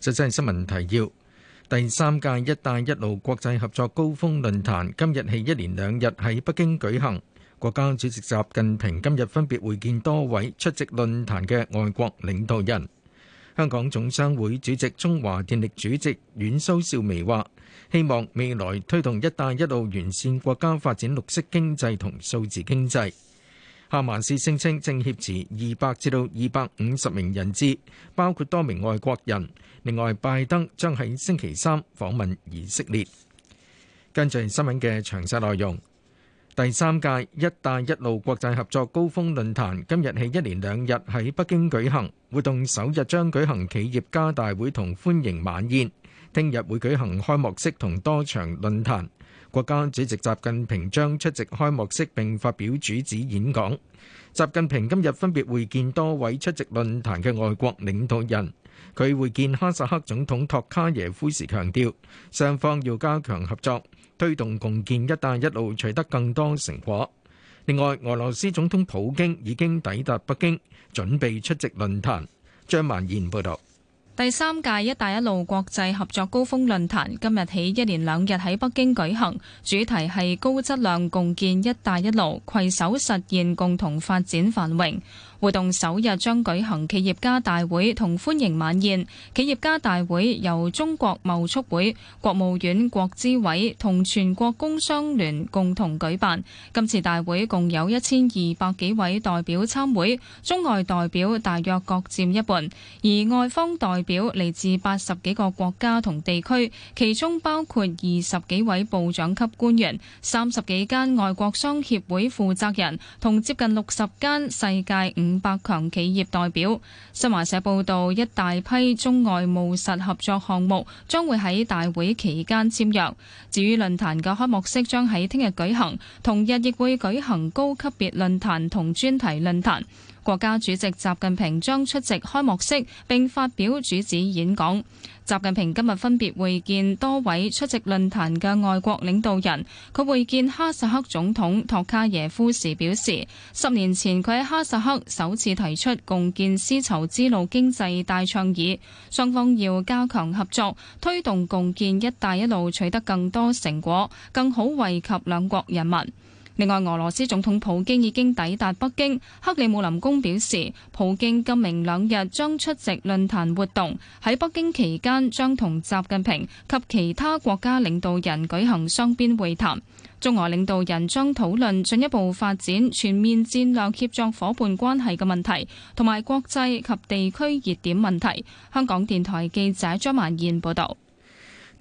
實際係新聞提要，第三屆“一帶一路”國際合作高峰論壇今日起一連兩日喺北京舉行。國家主席習近平今日分別會見多位出席論壇嘅外國領導人。香港總商會主席、中華電力主席阮蘇少微話，希望未來推動“一帶一路”，完善國家發展綠色經濟同數字經濟。哈曼斯聲稱正挾持二百至到二百五十名人質，包括多名外國人。另外，拜登將喺星期三訪問以色列。跟住新聞嘅詳細內容，第三屆「一帶一路」國際合作高峯論壇今日起一連兩日喺北京舉行，活動首日將舉行企業家大會同歡迎晚宴，聽日會舉行開幕式同多場論壇。國家主席習近平將出席開幕式並發表主旨演講。習近平今日分別會見多位出席論壇嘅外國領導人。佢會見哈薩克總統托卡耶夫時強調，雙方要加強合作，推動共建“一帶一路”取得更多成果。另外，俄羅斯總統普京已經抵達北京，準備出席論壇。張曼燕報道。第三屆「一帶一路」國際合作高峰論壇今日起一連兩日喺北京舉行，主題係高質量共建「一帶一路」，攜手實現共同發展繁榮。活動首日將舉行企業家大會同歡迎晚宴。企業家大會由中國貿促會、國務院、國資委同全國工商聯共同舉辦。今次大會共有一千二百幾位代表參會，中外代表大約各佔一半，而外方代表嚟自八十幾個國家同地區，其中包括二十幾位部長級官員、三十幾間外國商協會負責人，同接近六十間世界五。百強企業代表。新華社報道，一大批中外務實合作項目將會喺大會期間簽約。至於論壇嘅開幕式將喺聽日舉行，同日亦會舉行高級別論壇同專題論壇。國家主席習近平將出席開幕式並發表主旨演講。習近平今日分別會見多位出席論壇嘅外國領導人。佢會見哈薩克總統托卡耶夫時表示，十年前佢喺哈薩克首次提出共建絲綢之路經濟帶倡議，雙方要加強合作，推動共建“一帶一路”取得更多成果，更好惠及兩國人民。另外，俄羅斯總統普京已經抵達北京。克里姆林宮表示，普京今明兩日將出席論壇活動。喺北京期間，將同習近平及其他國家領導人舉行雙邊會談。中俄領導人將討論進一步發展全面戰略協作夥伴關係嘅問題，同埋國際及地區熱點問題。香港電台記者張曼燕報道。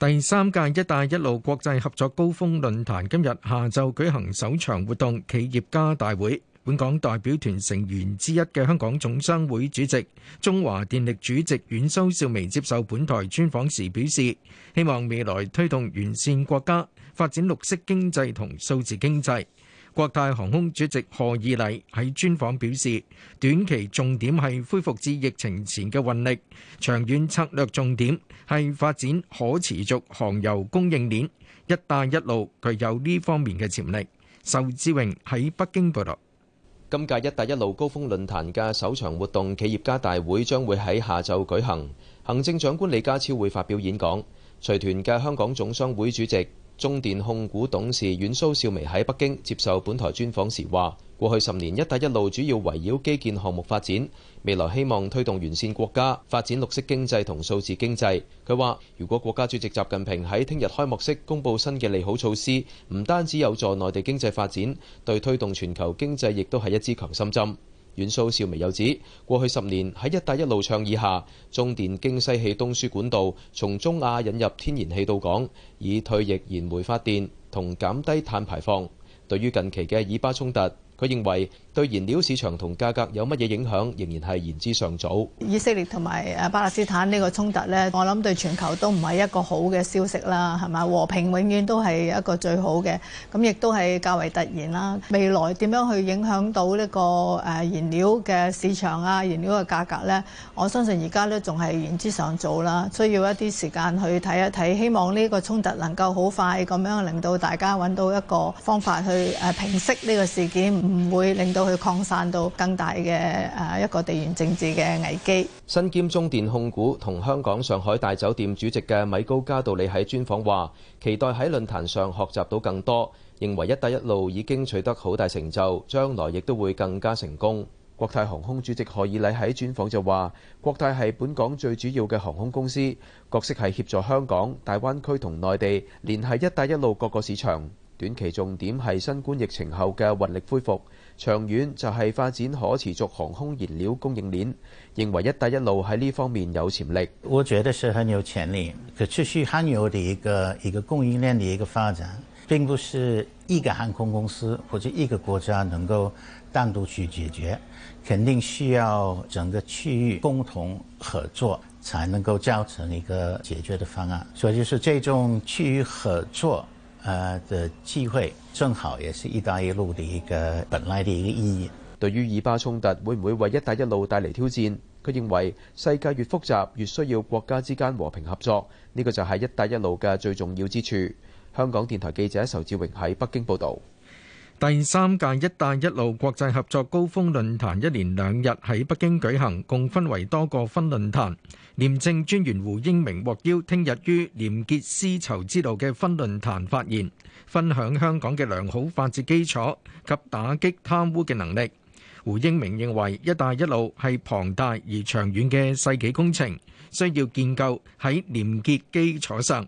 第三屆「一帶一路」國際合作高峰論壇今日下晝舉行首場活動企業家大會，本港代表團成員之一嘅香港總商會主席、中華電力主席阮蘇少湄接受本台專訪時表示，希望未來推動完善國家發展綠色經濟同數字經濟。國泰航空主席賀以禮喺專訪表示，短期重點係恢復至疫情前嘅運力，長遠策略重點係發展可持續航油供應鏈。一帶一路具有呢方面嘅潛力。壽志榮喺北京報道。今屆一帶一路高峰論壇嘅首場活動企業家大會將會喺下晝舉行，行政長官李家超會發表演講，隨團嘅香港總商會主席。中電控股董事阮蘇少微喺北京接受本台專訪時話，過去十年“一帶一路”主要圍繞基建項目發展，未來希望推動完善國家發展綠色經濟同數字經濟。佢話，如果國家主席習近平喺聽日開幕式公布新嘅利好措施，唔單止有助內地經濟發展，對推動全球經濟亦都係一支強心針。阮蘇少湄有指，過去十年喺一帶一路倡議下，中電經西氣東輸管道從中亞引入天然氣到港，以退役燃煤、煤發電同減低碳排放。對於近期嘅以巴衝突，我認為對燃料市場同價格有乜嘢影響，仍然係言之尚早。以色列同埋誒巴勒斯坦呢個衝突呢，我諗對全球都唔係一個好嘅消息啦，係咪？和平永遠都係一個最好嘅，咁亦都係較為突然啦。未來點樣去影響到呢個誒燃料嘅市場啊，燃料嘅價格呢？我相信而家都仲係言之尚早啦，需要一啲時間去睇一睇。希望呢個衝突能夠好快咁樣令到大家揾到一個方法去誒平息呢個事件。唔會令到佢擴散到更大嘅誒一個地緣政治嘅危機。身兼中電控股同香港上海大酒店主席嘅米高嘉道理喺專訪話，期待喺論壇上學習到更多，認為一帶一路已經取得好大成就，將來亦都會更加成功。國泰航空主席賀以禮喺專訪就話，國泰係本港最主要嘅航空公司，角色係協助香港、大灣區同內地聯繫一帶一路各個市場。短期重點係新冠疫情後嘅運力恢復，長遠就係發展可持續航空燃料供應鏈。認為一帶一路喺呢方面有潛力。我覺得是很有潛力，可持續罕有的一個一個供應鏈的一個發展，並不是一個航空公司或者一個國家能夠單獨去解決，肯定需要整個區域共同合作，才能夠造成一個解決的方案。所以就是這種區域合作。誒的機會，正好也是「一帶一路」的一個本來的一個意義，對於以巴衝突會唔會為「一帶一路」帶嚟挑戰？佢認為世界越複雜越需要國家之間和平合作，呢個就係「一帶一路」嘅最重要之處。香港電台記者仇志榮喺北京報道，第三屆「一帶一路」國際合作高峰論壇一連兩日喺北京舉行，共分為多個分論壇。廉政專員胡英明獲邀聽日於廉潔絲綢之路嘅分論壇發言，分享香港嘅良好法治基礎及打擊貪污嘅能力。胡英明認為，一帶一路係龐大而長遠嘅世紀工程，需要建構喺廉潔基礎上，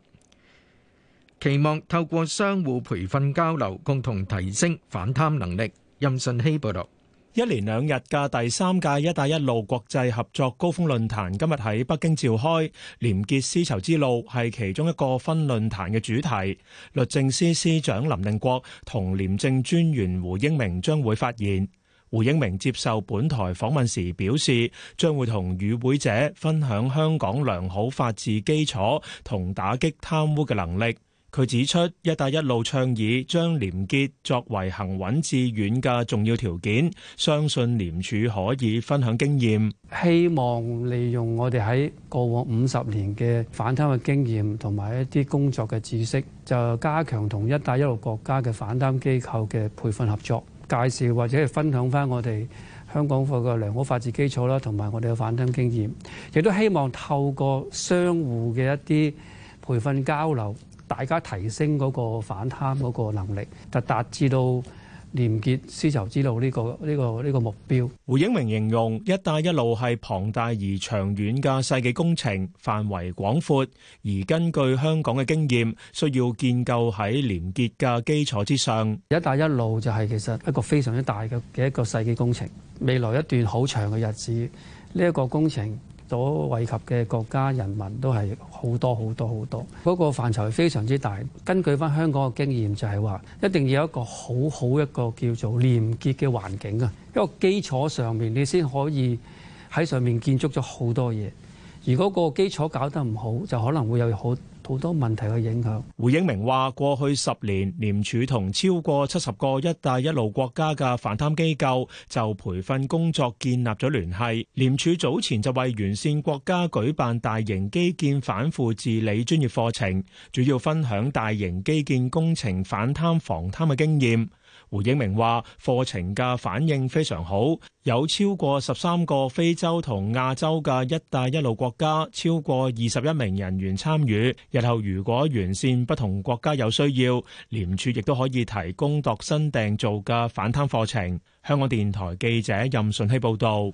期望透過相互培訓交流，共同提升反貪能力。任信希報道。一連兩日嘅第三屆一帶一路國際合作高峰論壇今日喺北京召開，廉潔絲綢之路係其中一個分論壇嘅主題。律政司司，司長林定國同廉政專員胡英明將會發言。胡英明接受本台訪問時表示，將會同與會者分享香港良好法治基礎同打擊貪污嘅能力。佢指出，「一帶一路」倡議將廉潔作為行穩致遠嘅重要條件。相信廉署可以分享經驗，希望利用我哋喺過往五十年嘅反貪嘅經驗，同埋一啲工作嘅知識，就加強同「一帶一路」國家嘅反貪機構嘅培訓合作，介紹或者係分享翻我哋香港嘅良好法治基礎啦，同埋我哋嘅反貪經驗，亦都希望透過相互嘅一啲培訓交流。大家提升嗰個反貪嗰個能力，就達至到廉潔絲綢之路呢個呢個呢個目標。胡英明形容，一帶一路係龐大而長遠嘅世紀工程，範圍廣闊，而根據香港嘅經驗，需要建構喺廉潔嘅基礎之上。一帶一路就係其實一個非常之大嘅嘅一個世紀工程，未來一段好長嘅日子，呢一個工程，所惠及嘅國家人民都係好多好多好多，嗰個範疇非常之大。根據翻香港嘅經驗就係話一定要有一個好好一個叫做廉潔嘅環境啊，一個基礎上面你先可以喺上面建築咗好多嘢。如果個基礎搞得唔好，就可能會有好。好多問題嘅影響。胡英明話：過去十年，廉署同超過七十個「一帶一路」國家嘅反貪機構就培訓工作建立咗聯繫。廉署早前就為完善國家舉辦大型基建反腐治理專業課程，主要分享大型基建工程反貪防貪嘅經驗。胡英明話：課程嘅反應非常好，有超過十三個非洲同亞洲嘅“一帶一路”國家，超過二十一名人員參與。日後如果完善，不同國家有需要，廉署亦都可以提供度身訂造嘅反貪課程。香港電台記者任順希報道。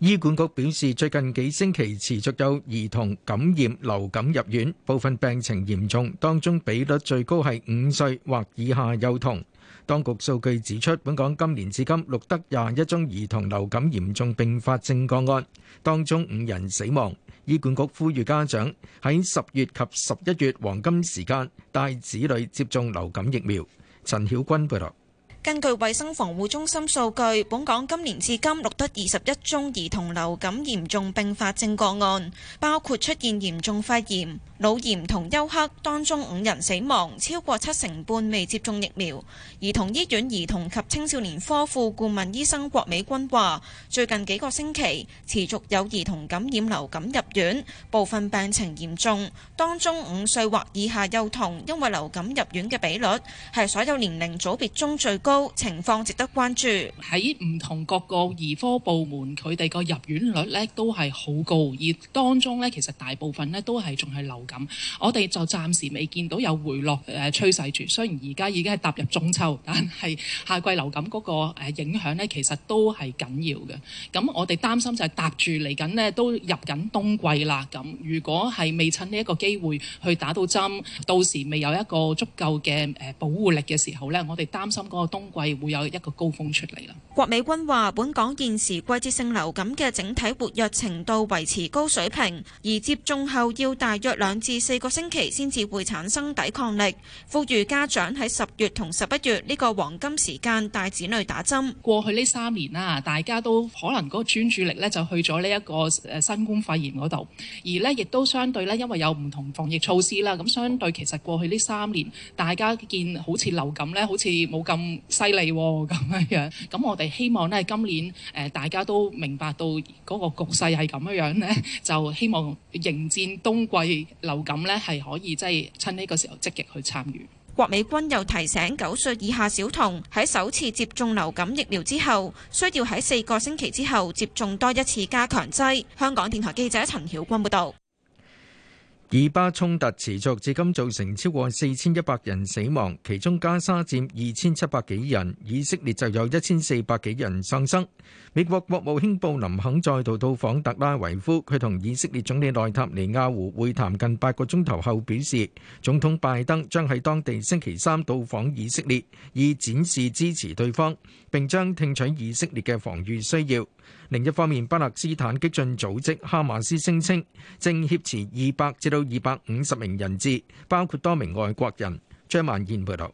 醫管局表示，最近幾星期持續有兒童感染流感入院，部分病情嚴重，當中比率最高係五歲或以下幼童。當局數據指出，本港今年至今錄得廿一宗兒童流感嚴重併發症個案，當中五人死亡。醫管局呼籲家長喺十月及十一月黃金時間帶子女接種流感疫苗。陳曉君報道。根據衛生防護中心數據，本港今年至今錄得二十一宗兒童流感嚴重併發症個案，包括出現嚴重肺炎、腦炎同休克，當中五人死亡，超過七成半未接種疫苗。兒童醫院兒童及青少年科副顧問醫生郭美君話，最近幾個星期持續有兒童感染流感入院，部分病情嚴重，當中五歲或以下幼童因為流感入院嘅比率係所有年齡組別中最高。高情況值得關注，喺唔同各個兒科部門，佢哋個入院率咧都係好高，而當中咧其實大部分咧都係仲係流感，我哋就暫時未見到有回落誒趨勢住。雖然而家已經係踏入中秋，但係夏季流感嗰個誒影響咧其實都係緊要嘅。咁我哋擔心就係搭住嚟緊咧都入緊冬季啦。咁如果係未趁呢一個機會去打到針，到時未有一個足夠嘅誒保護力嘅時候咧，我哋擔心嗰個冬季會有一個高峰出嚟啦。郭美君話，本港現時季節性流感嘅整體活躍程度維持高水平，而接種後要大約兩至四個星期先至會產生抵抗力。呼籲家長喺十月同十一月呢個黃金時間帶子女打針。過去呢三年啦，大家都可能嗰個專注力呢就去咗呢一個誒新冠肺炎嗰度，而呢亦都相對呢，因為有唔同防疫措施啦，咁相對其實過去呢三年大家見好似流感呢，好似冇咁。犀利咁樣，咁我哋希望呢，今年誒大家都明白到嗰個局勢係咁樣呢，就希望迎戰冬季流感呢係可以即係、就是、趁呢個時候積極去參與。郭美君又提醒九歲以下小童喺首次接種流感疫苗之後，需要喺四個星期之後接種多一次加強劑。香港電台記者陳曉君報道。以巴衝突持續至今，造成超過四千一百人死亡，其中加沙佔二千七百幾人，以色列就有一千四百幾人喪生。美國國務卿布林肯再度到訪特拉維夫，佢同以色列總理內塔尼亞胡會談近八個鐘頭後表示，總統拜登將喺當地星期三到訪以色列，以展示支持對方。並將聽取以色列嘅防禦需要。另一方面，巴勒斯坦激進組織哈馬斯聲稱，正挾持二百至到二百五十名人質，包括多名外國人。張萬燕報導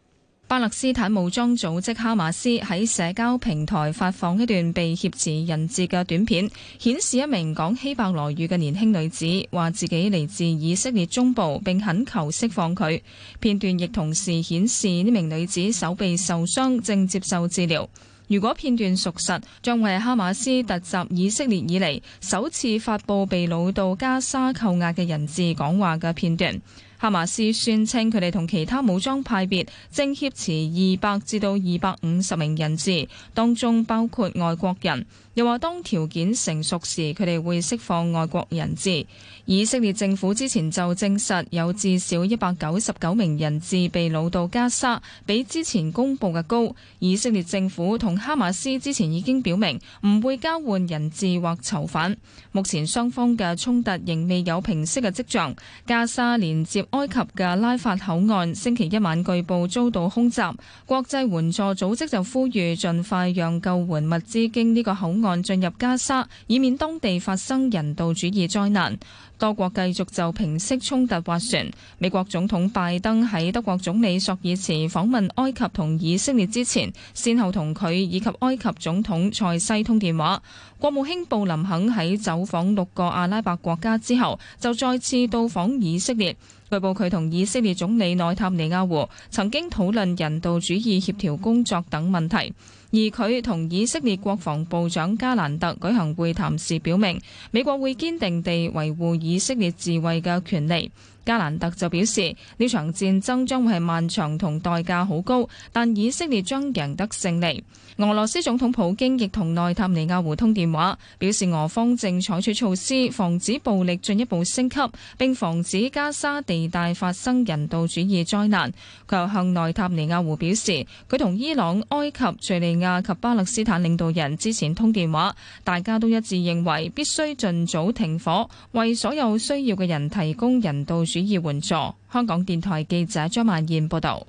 巴勒斯坦武裝組織哈馬斯喺社交平台發放一段被挾持人質嘅短片，顯示一名講希伯來語嘅年輕女子話自己嚟自以色列中部，並懇求釋放佢。片段亦同時顯示呢名女子手臂受傷，正接受治療。如果片段屬實，將為哈馬斯突襲以色列以嚟首次發佈被擄到加沙扣押嘅人質講話嘅片段。哈馬斯宣稱，佢哋同其他武裝派別正挾持二百至到二百五十名人質，當中包括外國人。又話當條件成熟時，佢哋會釋放外國人質。以色列政府之前就證實有至少一百九十九名人質被擄到加沙，比之前公佈嘅高。以色列政府同哈馬斯之前已經表明唔會交換人質或囚犯。目前雙方嘅衝突仍未有平息嘅跡象。加沙連接埃及嘅拉法口岸星期一晚據報遭到空襲，國際援助組織就呼籲盡快讓救援物資經呢個口岸進入加沙，以免當地發生人道主義災難。多國繼續就平息衝突斡旋。美國總統拜登喺德國總理索爾茨訪問埃及同以色列之前，先後同佢以及埃及總統塞西通電話。國務卿布林肯喺走訪六個阿拉伯國家之後，就再次到訪以色列，據報佢同以色列總理內塔尼亞胡曾經討論人道主義協調工作等問題。而佢同以色列國防部長加蘭特舉行會談時，表明美國會堅定地維護以色列自衛嘅權利。加蘭特就表示，呢場戰爭將會係漫長同代價好高，但以色列將贏得勝利。俄羅斯總統普京亦同內塔尼亞胡通電話，表示俄方正採取措施防止暴力進一步升級，並防止加沙地帶發生人道主義災難。佢又向內塔尼亞胡表示，佢同伊朗、埃及、敘利亞及巴勒斯坦領導人之前通電話，大家都一致認為必須盡早停火，為所有需要嘅人提供人道主義援助。香港電台記者張曼燕報道。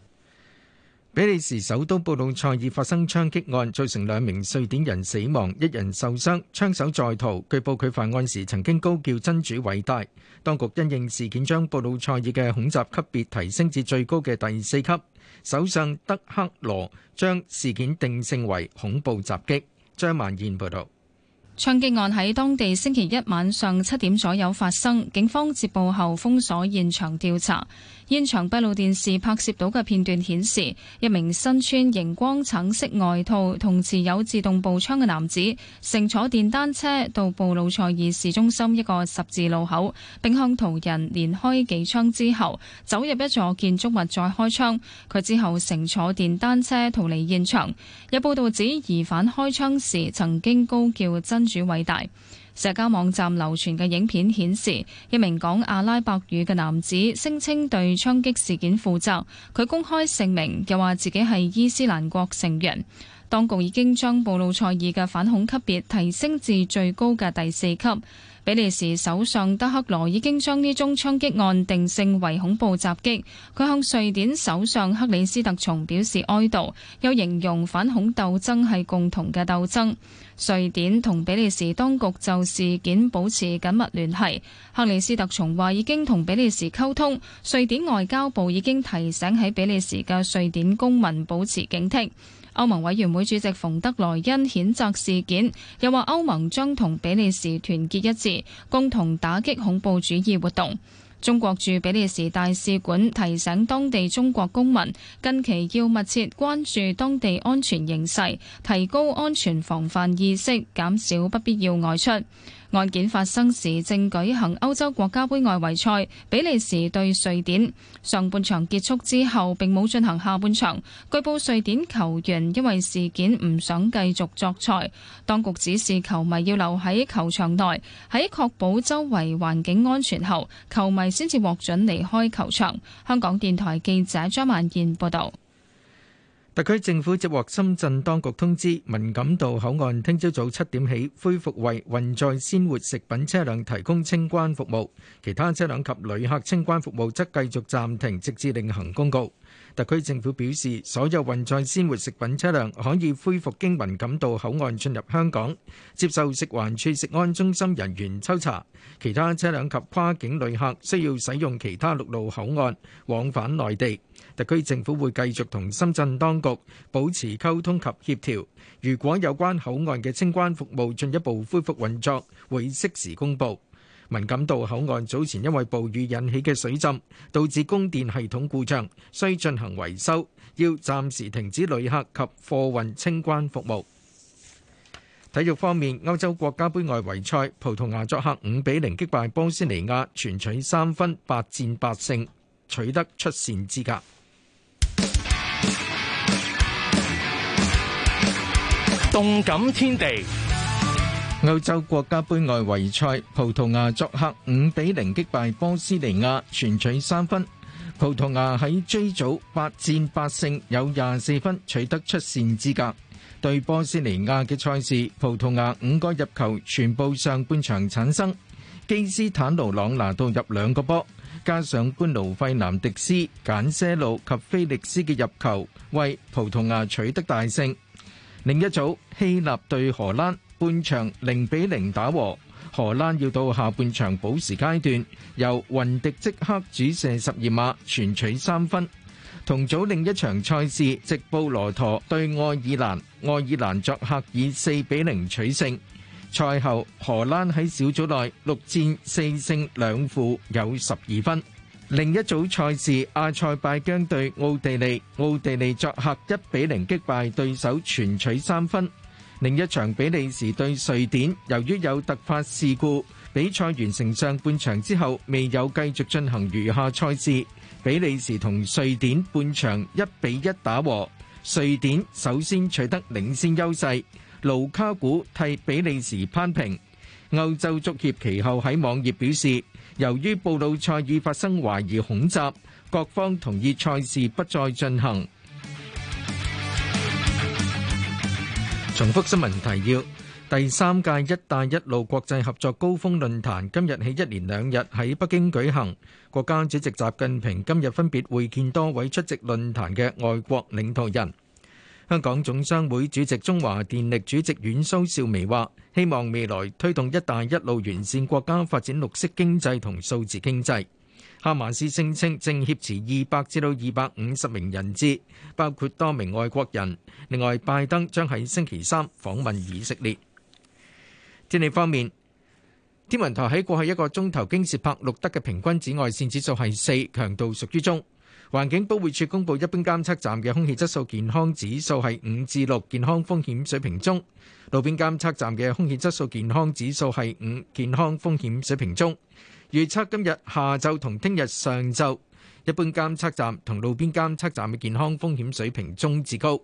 比利時首都布魯塞爾發生槍擊案，造成兩名瑞典人死亡，一人受傷，槍手在逃。據報佢犯案時曾經高叫真主偉大。當局因應事件，將布魯塞爾嘅恐襲級別提升至最高嘅第四級。首相德克羅將事件定性為恐怖襲擊。張曼燕報道。槍擊案喺當地星期一晚上七點左右發生，警方接報後封鎖現場調查。現場閉路電視拍攝到嘅片段顯示，一名身穿螢光橙色外套同持有自動步槍嘅男子，乘坐電單車到布魯塞爾市中心一個十字路口，並向途人連開幾槍之後，走入一座建築物再開槍。佢之後乘坐電單車逃離現場。有報道指疑犯開槍時曾經高叫真主偉大。社交網站流傳嘅影片顯示，一名講阿拉伯語嘅男子聲稱對槍擊事件負責。佢公開姓名，又話自己係伊斯蘭國成員。當局已經將布魯塞爾嘅反恐級別提升至最高嘅第四級。比利時首相德克羅已經將呢宗槍擊案定性為恐怖襲擊。佢向瑞典首相克里斯特松表示哀悼，又形容反恐鬥爭係共同嘅鬥爭。瑞典同比利時當局就事件保持緊密聯繫。克里斯特松話已經同比利時溝通，瑞典外交部已經提醒喺比利時嘅瑞典公民保持警惕。歐盟委員會主席馮德萊恩譴責事件，又話歐盟將同比利時團結一致，共同打擊恐怖主義活動。中國駐比利時大使館提醒當地中國公民，近期要密切關注當地安全形勢，提高安全防範意識，減少不必要外出。案件發生時正舉行歐洲國家杯外圍賽，比利時對瑞典。上半場結束之後並冇進行下半場。據報瑞典球員因為事件唔想繼續作賽，當局指示球迷要留喺球場內，喺確保周圍環境安全後，球迷先至獲准離開球場。香港電台記者張萬燕報道。特區政府接獲深圳當局通知，文錦渡口岸聽朝早七點起恢復為運載鮮活食品車輛提供清關服務，其他車輛及旅客清關服務則繼續暫停，直至另行公告。特區政府表示，所有運載鮮活食品車輛可以恢復經文錦渡口岸進入香港，接受食環署食安中心人員抽查。其他車輛及跨境旅客需要使用其他陸路口岸往返內地。特區政府會繼續同深圳當局保持溝通及協調。如果有關口岸嘅清關服務進一步恢復運作，會適時公佈。文錦渡口岸早前因為暴雨引起嘅水浸，導致供電系統故障，需進行維修，要暫時停止旅客及貨運清關服務。體育方面，歐洲國家杯外圍賽，葡萄牙作客五比零擊敗波斯尼亞，全取三分，八戰八勝，取得出線資格。動感天地。歐洲國家盃外圍賽，葡萄牙作客五比零擊敗波斯尼亞，全取三分。葡萄牙喺 J 組八戰八勝，有廿四分，取得出線資格。對波斯尼亞嘅賽事，葡萄牙五個入球全部上半場產生，基斯坦奴朗拿度入兩個波，加上官奴費南迪斯、簡些路及菲力斯嘅入球，為葡萄牙取得大勝。另一組，希臘對荷蘭。半場零比零打和，荷蘭要到下半場補時階段，由雲迪積克主射十二碼全取三分。同組另一場賽事，直布羅陀對愛爾蘭，愛爾蘭作客以四比零取勝。賽後荷蘭喺小組內六戰四勝兩負，有十二分。另一組賽事，阿塞拜疆對奧地利，奧地利作客一比零擊敗對手，全取三分。另一場比利時對瑞典，由於有突發事故，比賽完成上半場之後，未有繼續進行餘下賽事。比利時同瑞典半場一比一打和，瑞典首先取得領先優勢。盧卡古替比利時攀平。歐洲足協其後喺網頁表示，由於布魯塞爾發生懷疑恐襲，各方同意賽事不再進行。重複新聞提要：第三屆“一帶一路”國際合作高峰論壇今日起一連兩日喺北京舉行。國家主席習近平今日分別會見多位出席論壇嘅外國領導人。香港總商會主席、中華電力主席阮蘇少湄話：希望未來推動“一帶一路”，完善國家發展綠色經濟同數字經濟。哈馬斯聲稱正挾持二百至到二百五十名人質，包括多名外國人。另外，拜登將喺星期三訪問以色列。天氣方面，天文台喺過去一個鐘頭喺京士柏錄得嘅平均紫外線指數係四，強度屬於中。環境保護署公布一般監測站嘅空氣質素健康指數係五至六，健康風險水平中。路邊監測站嘅空氣質素健康指數係五，健康風險水平中。預測今日下晝同聽日上晝，一般監測站同路邊監測站嘅健康風險水平中至高。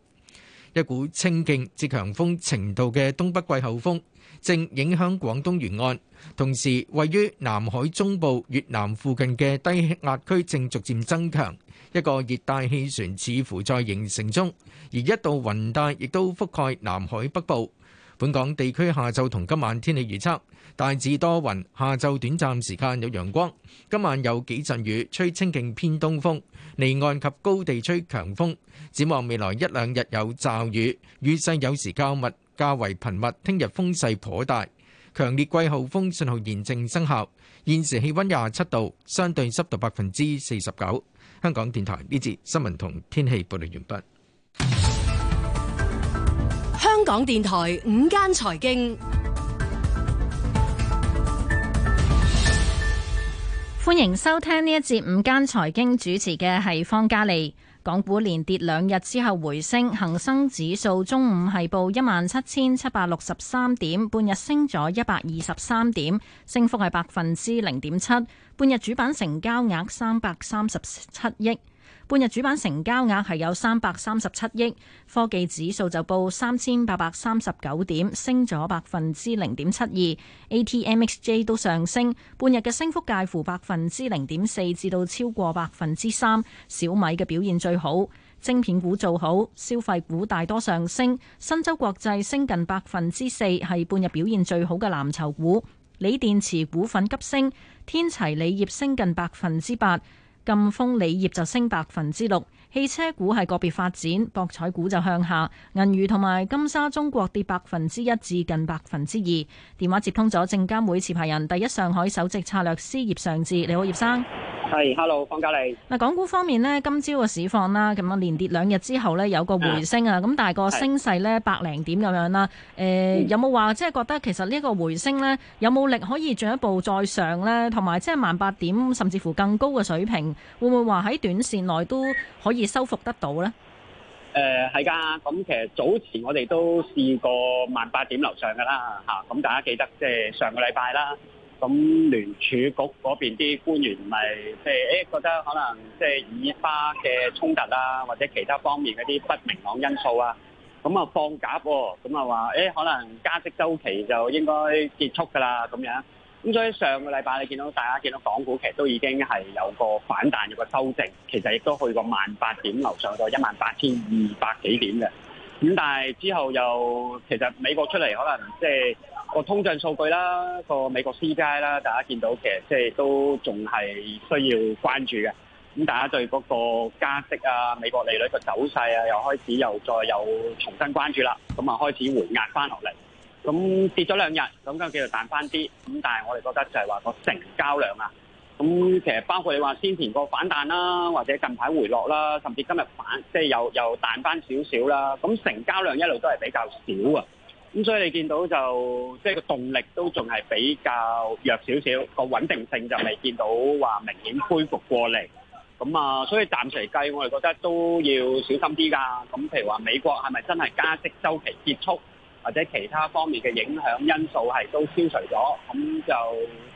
一股清勁至強風程度嘅東北季候風正影響廣東沿岸，同時位於南海中部越南附近嘅低壓區正逐漸增強，一個熱帶氣旋似乎在形成中，而一道雲帶亦都覆蓋南海北部。本港地區下晝同今晚天氣預測，大致多雲，下晝短暫時間有陽光，今晚有幾陣雨，吹清勁偏東風，離岸及高地吹強風。展望未來一兩日有驟雨，雨勢有時較密，較為頻密。聽日風勢頗大，強烈季候風信號現正生效。現時氣温廿七度，相對濕度百分之四十九。香港電台呢節新聞同天氣報道完畢。香港電台午間財經，歡迎收聽呢一節午間財經，主持嘅係方嘉利。港股連跌兩日之後回升，恒生指數中午係報一萬七千七百六十三點，半日升咗一百二十三點，升幅係百分之零點七，半日主板成交額三百三十七億。半日主板成交額係有三百三十七億，科技指數就報三千八百三十九點，升咗百分之零點七二。ATMXJ 都上升，半日嘅升幅介乎百分之零點四至到超過百分之三。小米嘅表現最好，晶片股做好，消費股大多上升。新洲國際升近百分之四，係半日表現最好嘅藍籌股。鋰電池股份急升，天齊鋰業升近百分之八。贛鋒鋰業就升百分之六。汽車股係個別發展，博彩股就向下。銀娛同埋金沙中國跌百分之一至近百分之二。電話接通咗證監會持牌人、第一上海首席策略師葉尚志。你好，葉生。係、hey，hello，方家麗。嗱，港股方面呢，今朝嘅市況啦，咁啊連跌兩日之後呢，有個回升啊，咁但係個升勢呢，百零點咁樣啦。誒、嗯，有冇話即係覺得其實呢一個回升呢，有冇力可以進一步再上呢？同埋即係萬八點甚至乎更高嘅水平，會唔會話喺短線內都可以？收復得到咧？誒，係噶，咁其實早前我哋都試過萬八點樓上噶啦，吓，咁大家記得即係上個禮拜啦，咁聯儲局嗰邊啲官員咪即係誒覺得可能即係以巴嘅衝突啊，或者其他方面嗰啲不明朗因素啊，咁啊放假喎，咁啊話誒可能加息週期就應該結束噶啦，咁樣。咁所以上個禮拜你見到大家見到港股其實都已經係有個反彈，有個修正，其實亦都去過萬八點樓上到一萬八千二百幾點嘅。咁但係之後又其實美國出嚟可能即係個通脹數據啦，個美國 CPI 啦，大家見到其實即係都仲係需要關注嘅。咁大家對嗰個加息啊、美國利率個走勢啊，又開始又再有重新關注啦。咁啊開始回壓翻落嚟。咁跌咗兩日，咁繼續彈翻啲。咁但係我哋覺得就係話個成交量啊，咁其實包括你話先前個反彈啦，或者近排回落啦，甚至今日反即係又又彈翻少少啦。咁成交量一路都係比較少啊。咁所以你見到就即係個動力都仲係比較弱少少，個穩定性就未見到話明顯恢復過嚟。咁啊，所以暫時嚟計，我哋覺得都要小心啲㗎。咁譬如話美國係咪真係加息週期結束？或者其他方面嘅影響因素係都消除咗，咁就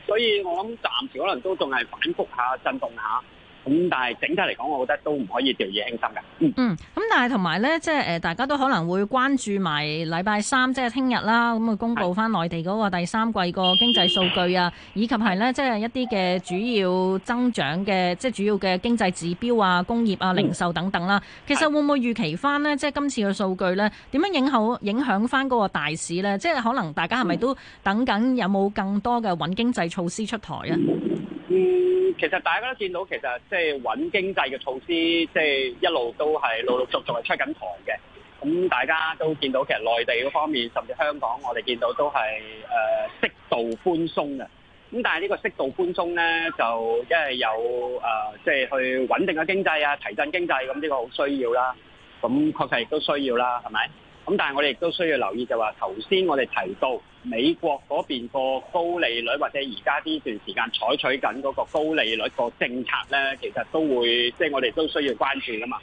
所以我諗暫時可能都仲係反覆下震動下。咁但係整體嚟講，我覺得都唔可以掉以輕心嘅。嗯嗯，咁但係同埋咧，即係誒，大家都可能會關注埋禮拜三，即係聽日啦，咁去公佈翻內地嗰個第三季個經濟數據啊，以及係咧即係一啲嘅主要增長嘅即係主要嘅經濟指標啊、工業啊、零售等等啦。其實會唔會預期翻呢？即係今次嘅數據咧，點樣影好影響翻嗰個大市咧？即係可能大家係咪都等緊有冇更多嘅穩經濟措施出台啊？嗯，其實大家都見到，其實即係穩經濟嘅措施，即、就、係、是、一路都係陸陸續續係出緊台嘅。咁、嗯、大家都見到，其實內地嗰方面，甚至香港，我哋見到都係誒適度寬鬆啊。咁、嗯、但係呢個適度寬鬆咧，就一係有誒，即、呃、係、就是、去穩定嘅經濟啊，提振經濟，咁、嗯、呢、這個好需要啦。咁、嗯、確實亦都需要啦，係咪？咁但係我哋亦都需要留意，就話頭先我哋提到美國嗰邊個高利率，或者而家呢段時間採取緊嗰個高利率個政策咧，其實都會即係我哋都需要關注噶嘛。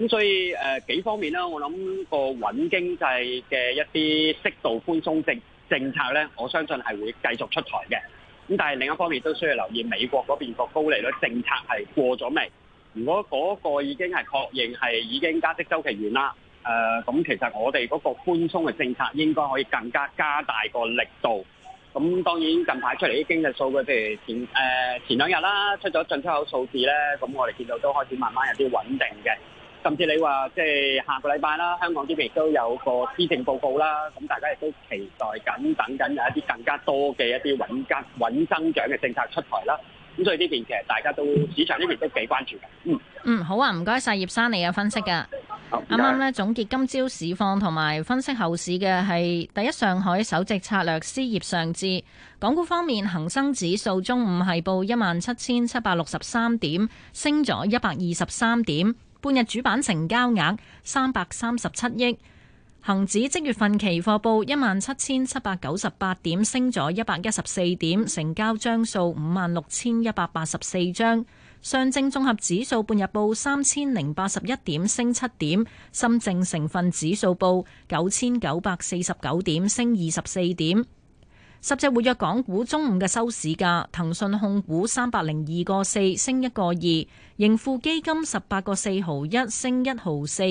咁所以誒、呃、幾方面啦、啊，我諗個穩經濟嘅一啲適度寬鬆政政策咧，我相信係會繼續出台嘅。咁但係另一方面都需要留意美國嗰邊個高利率政策係過咗未？如果嗰個已經係確認係已經加息周期完啦。誒，咁、嗯嗯、其實我哋嗰個寬鬆嘅政策應該可以更加加大個力度。咁當然近排出嚟啲經濟數據，譬如前誒、呃、前兩日啦，出咗進出口數字咧，咁我哋見到都開始慢慢有啲穩定嘅。甚至你話即係下個禮拜啦，香港呢邊都有個施政報告啦，咁大家亦都期待緊等緊有一啲更加多嘅一啲穩吉穩增長嘅政策出台啦。咁所以呢邊其實大家都市場呢邊都幾關注嘅。嗯嗯，好啊，唔該晒葉生，你有分析㗎。啱啱咧總結今朝市況同埋分析後市嘅係第一上海首席策略師葉尚志。港股方面，恒生指數中午係報一萬七千七百六十三點，升咗一百二十三點。半日主板成交額三百三十七億。恒指即月份期貨報一萬七千七百九十八點，升咗一百一十四點，成交張數五萬六千一百八十四張。上證綜合指數半日報三千零八十一點，升七點；深證成分指數報九千九百四十九點，升二十四點。十隻活躍港股中午嘅收市價：騰訊控股三百零二個四，升一個二；盈富基金十八個四毫一，升一毫四；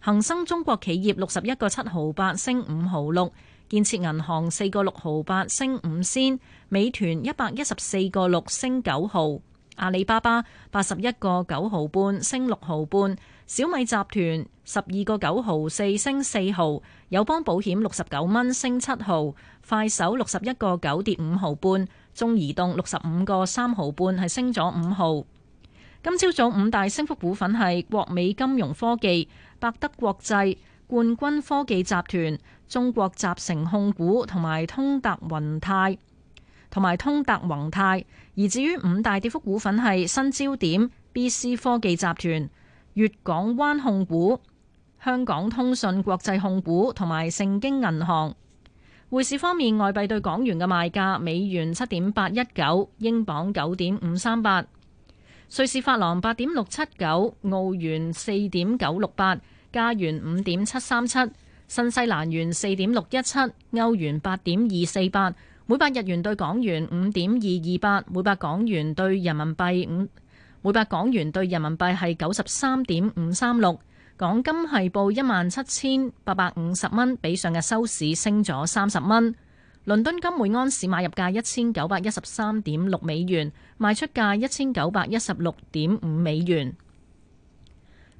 恒生中國企業六十一個七毫八，升五毫六；建設銀行四個六毫八，升五仙；美團一百一十四個六，升九毫。阿里巴巴八十一個九毫半，升六毫半，小米集團十二個九毫四，升四毫，友邦保險六十九蚊，升七毫，快手六十一個九，跌五毫半，中移動六十五個三毫半係升咗五毫。今朝早五大升幅股份係國美金融科技、百德國際、冠軍科技集團、中國集成控股同埋通達雲泰。同埋通達宏泰。而至於五大跌幅股份係新焦點 B.C. 科技集團、粵港灣控股、香港通訊國際控股同埋盛京銀行。匯市方面，外幣對港元嘅賣價：美元七點八一九，英鎊九點五三八，瑞士法郎八點六七九，澳元四點九六八，加元五點七三七，新西蘭元四點六一七，歐元八點二四八。每百日元兌港元五點二二八，每百港元兌人民幣五，每百港元兌人民幣係九十三點五三六。港金係報一萬七千八百五十蚊，比上日收市升咗三十蚊。倫敦金每安士買入價一千九百一十三點六美元，賣出價一千九百一十六點五美元。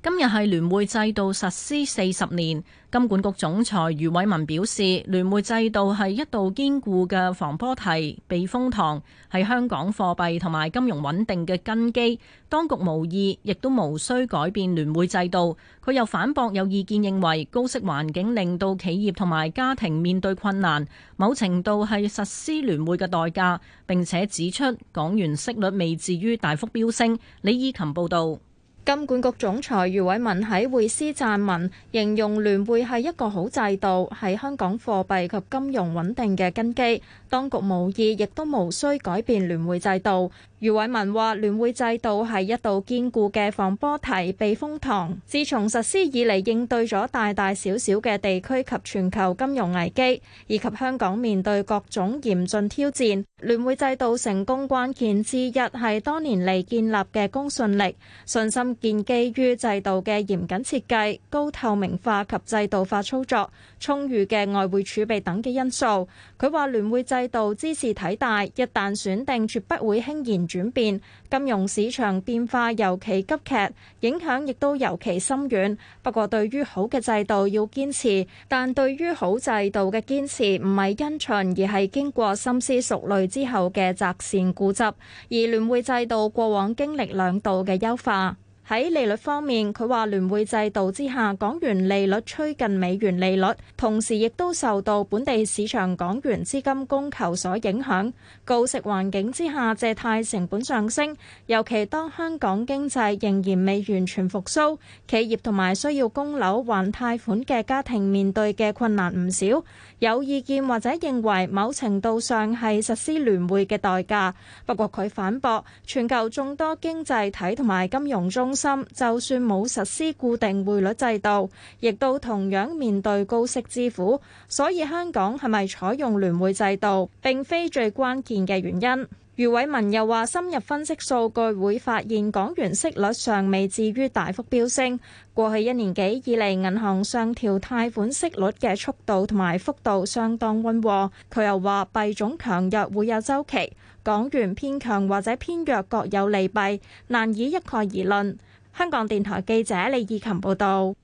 今日係聯匯制度實施四十年，金管局總裁余偉文表示，聯匯制度係一道堅固嘅防波堤、避風塘，係香港貨幣同埋金融穩定嘅根基。當局無意，亦都無需改變聯匯制度。佢又反駁有意見認為高息環境令到企業同埋家庭面對困難，某程度係實施聯匯嘅代價。並且指出港元息率未至於大幅飆升。李依琴報導。金管局總裁余偉文喺匯思撰文，形容聯匯係一個好制度，係香港貨幣及金融穩定嘅根基。當局無意亦都無需改變聯匯制度。余偉文話：聯會制度係一道堅固嘅防波堤、避風塘。自從實施以嚟，應對咗大大小小嘅地區及全球金融危機，以及香港面對各種嚴峻挑戰。聯會制度成功關鍵之一係多年嚟建立嘅公信力，信心建基於制度嘅嚴謹設計、高透明化及制度化操作。充裕嘅外匯儲備等嘅因素，佢話聯匯制度支持體大，一旦選定絕不會輕言轉變。金融市場變化尤其急劇，影響亦都尤其深遠。不過對於好嘅制度要堅持，但對於好制度嘅堅持唔係因循，而係經過深思熟慮之後嘅擇善固執，而聯匯制度過往經歷兩度嘅優化。喺利率方面，佢話聯匯制度之下，港元利率趨近美元利率，同時亦都受到本地市場港元資金供求所影響，高息環境之下，借貸成本上升，尤其當香港經濟仍然未完全復甦，企業同埋需要供樓還貸款嘅家庭面對嘅困難唔少。有意見或者認為某程度上係實施聯匯嘅代價，不過佢反駁全球眾多經濟體同埋金融中心，就算冇實施固定匯率制度，亦都同樣面對高息之苦。所以香港係咪採用聯匯制度並非最關鍵嘅原因。余偉文又話：深入分析數據會發現，港元息率尚未至於大幅飆升。過去一年幾以嚟，銀行上調貸款息率嘅速度同埋幅度相當溫和。佢又話：幣種強弱會有週期，港元偏強或者偏弱各有利弊，難以一概而論。香港電台記者李義琴報導，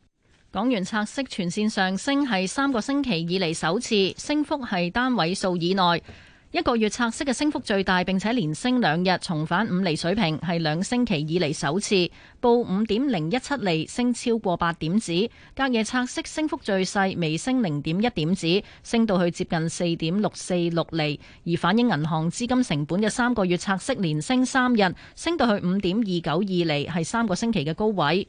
港元拆息全線上升係三個星期以嚟首次，升幅係單位數以內。一個月拆息嘅升幅最大，並且連升兩日，重返五厘水平，係兩星期以嚟首次報五點零一七厘，升超過八點子。隔夜拆息升幅最細，微升零點一點子，升到去接近四點六四六厘。而反映銀行資金成本嘅三個月拆息連升三日，升到去五點二九二厘，係三個星期嘅高位。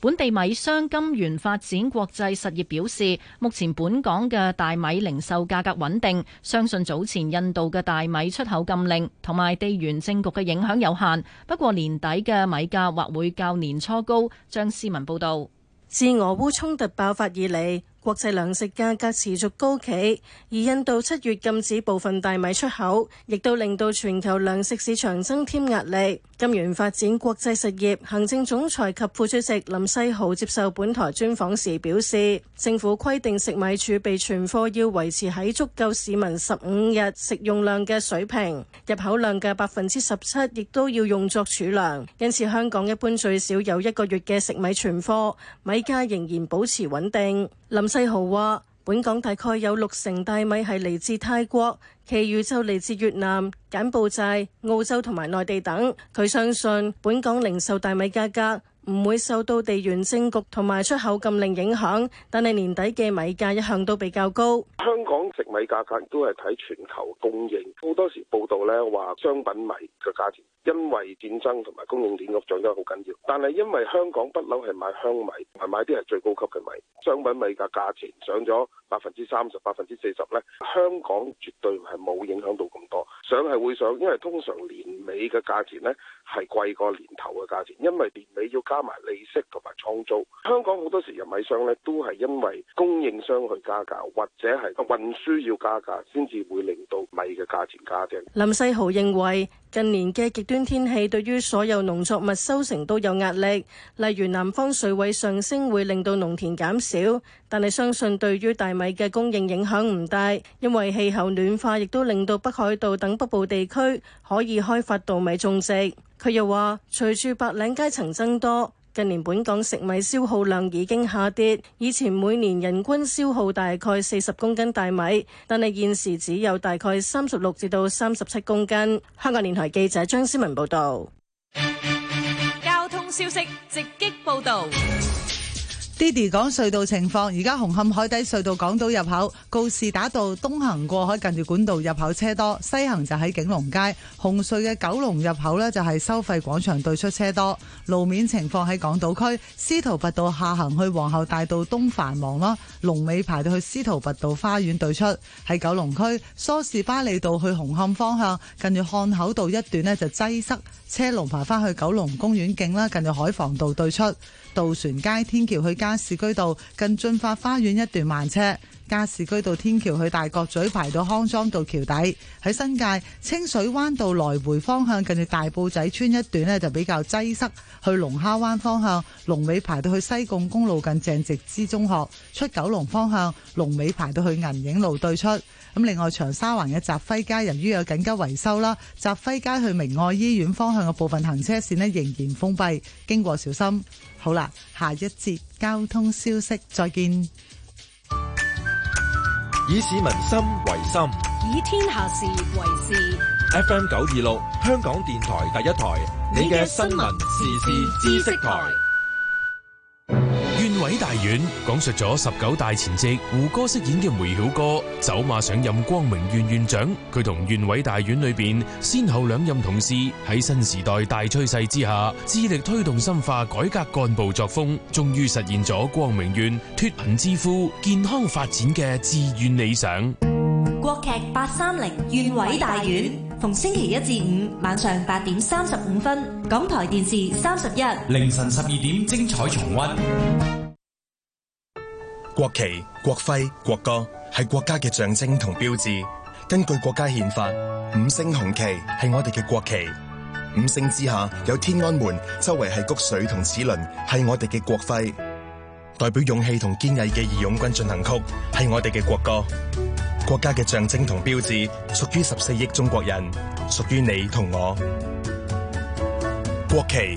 本地米商金源發展國際實業表示，目前本港嘅大米零售價格穩定，相信早前印度嘅大米出口禁令同埋地緣政局嘅影響有限。不過年底嘅米價或會較年初高。張思文報道。自俄烏衝突爆發以嚟，國際糧食價格持續高企，而印度七月禁止部分大米出口，亦都令到全球糧食市場增添壓力。金元發展國際實業行政總裁及副主席林世豪接受本台專訪時表示，政府規定食米儲備存貨要維持喺足夠市民十五日食用量嘅水平，入口量嘅百分之十七亦都要用作儲糧。因此，香港一般最少有一個月嘅食米存貨，米價仍然保持穩定。林世豪話：本港大概有六成大米係嚟自泰國，其餘就嚟自越南、柬埔寨、澳洲同埋內地等。佢相信本港零售大米價格唔會受到地緣政局同埋出口禁令影響，但係年底嘅米價一向都比較高。香港食米價格都係睇全球供應，好多時報道呢話商品米嘅價錢。因為戰爭同埋供應鏈嘅影響都好緊要，但係因為香港不嬲係買香米，係買啲係最高級嘅米，商品米價價錢上咗百分之三十、百分之四十呢，香港絕對係冇影響到咁多。想係會想，因為通常年尾嘅價錢呢係貴過年頭嘅價錢，因為年尾要加埋利息同埋倉租。香港好多時入米商呢都係因為供應商去加價，或者係運輸要加價，先至會令到米嘅價錢加升。林世豪認為近年嘅極端天氣對於所有農作物收成都有壓力，例如南方水位上升會令到農田減少。但係相信對於大米嘅供應影響唔大，因為氣候暖化亦都令到北海道等北部地區可以開發稻米種植。佢又話，隨住白領階層增多，近年本港食米消耗量已經下跌。以前每年人均消耗大概四十公斤大米，但係現時只有大概三十六至到三十七公斤。香港電台記者張思文報道。交通消息直擊報道。Diddy 講隧道情況，而家紅磡海底隧道港島入口告士打道東行過海，近住管道入口車多；西行就喺景隆街，紅隧嘅九龍入口呢就係收費廣場對出車多。路面情況喺港島區，司徒拔道下行去皇后大道東繁忙啦，龍尾排到去司徒拔道花園對出，喺九龍區，梳士巴利道去紅磡方向，近住漢口道一段呢就擠塞，車龍排翻去九龍公園徑啦，近住海防道對出，渡船街天橋去加士居道近駿發花園一段慢車，加士居道天橋去大角咀排到康莊道橋底；喺新界清水灣道來回方向，近住大埔仔村一段呢，就比較擠塞；去龍蝦灣方向龍尾排到去西貢公路近鄭植之中學；出九龍方向龍尾排到去銀影路對出。咁另外，長沙灣嘅集輝街由於有緊急維修啦，集輝街去明愛醫院方向嘅部分行車線咧仍然封閉，經過小心。好啦，下一節交通消息再見。以市民心為心，以天下事為事。F M 九二六，香港電台第一台，你嘅新聞時事知識台。大院講述咗十九大前夕，胡歌飾演嘅梅曉歌走馬上任光明縣縣長。佢同縣委大院裏邊先後兩任同事喺新時代大趨勢之下，致力推動深化改革幹部作風，終於實現咗光明縣脫貧致富健康發展嘅志願理想。國劇八三零縣委大院，逢星期一至五晚上八點三十五分，港台電視三十一，凌晨十二點精彩重温。國旗、國徽、國歌係國家嘅象徵同標誌。根據國家憲法，五星紅旗係我哋嘅國旗。五星之下有天安門，周圍係谷穗同齒輪，係我哋嘅國徽。代表勇氣同堅毅嘅《義勇軍進行曲》係我哋嘅國歌。國家嘅象徵同標誌屬於十四億中國人，屬於你同我。國旗。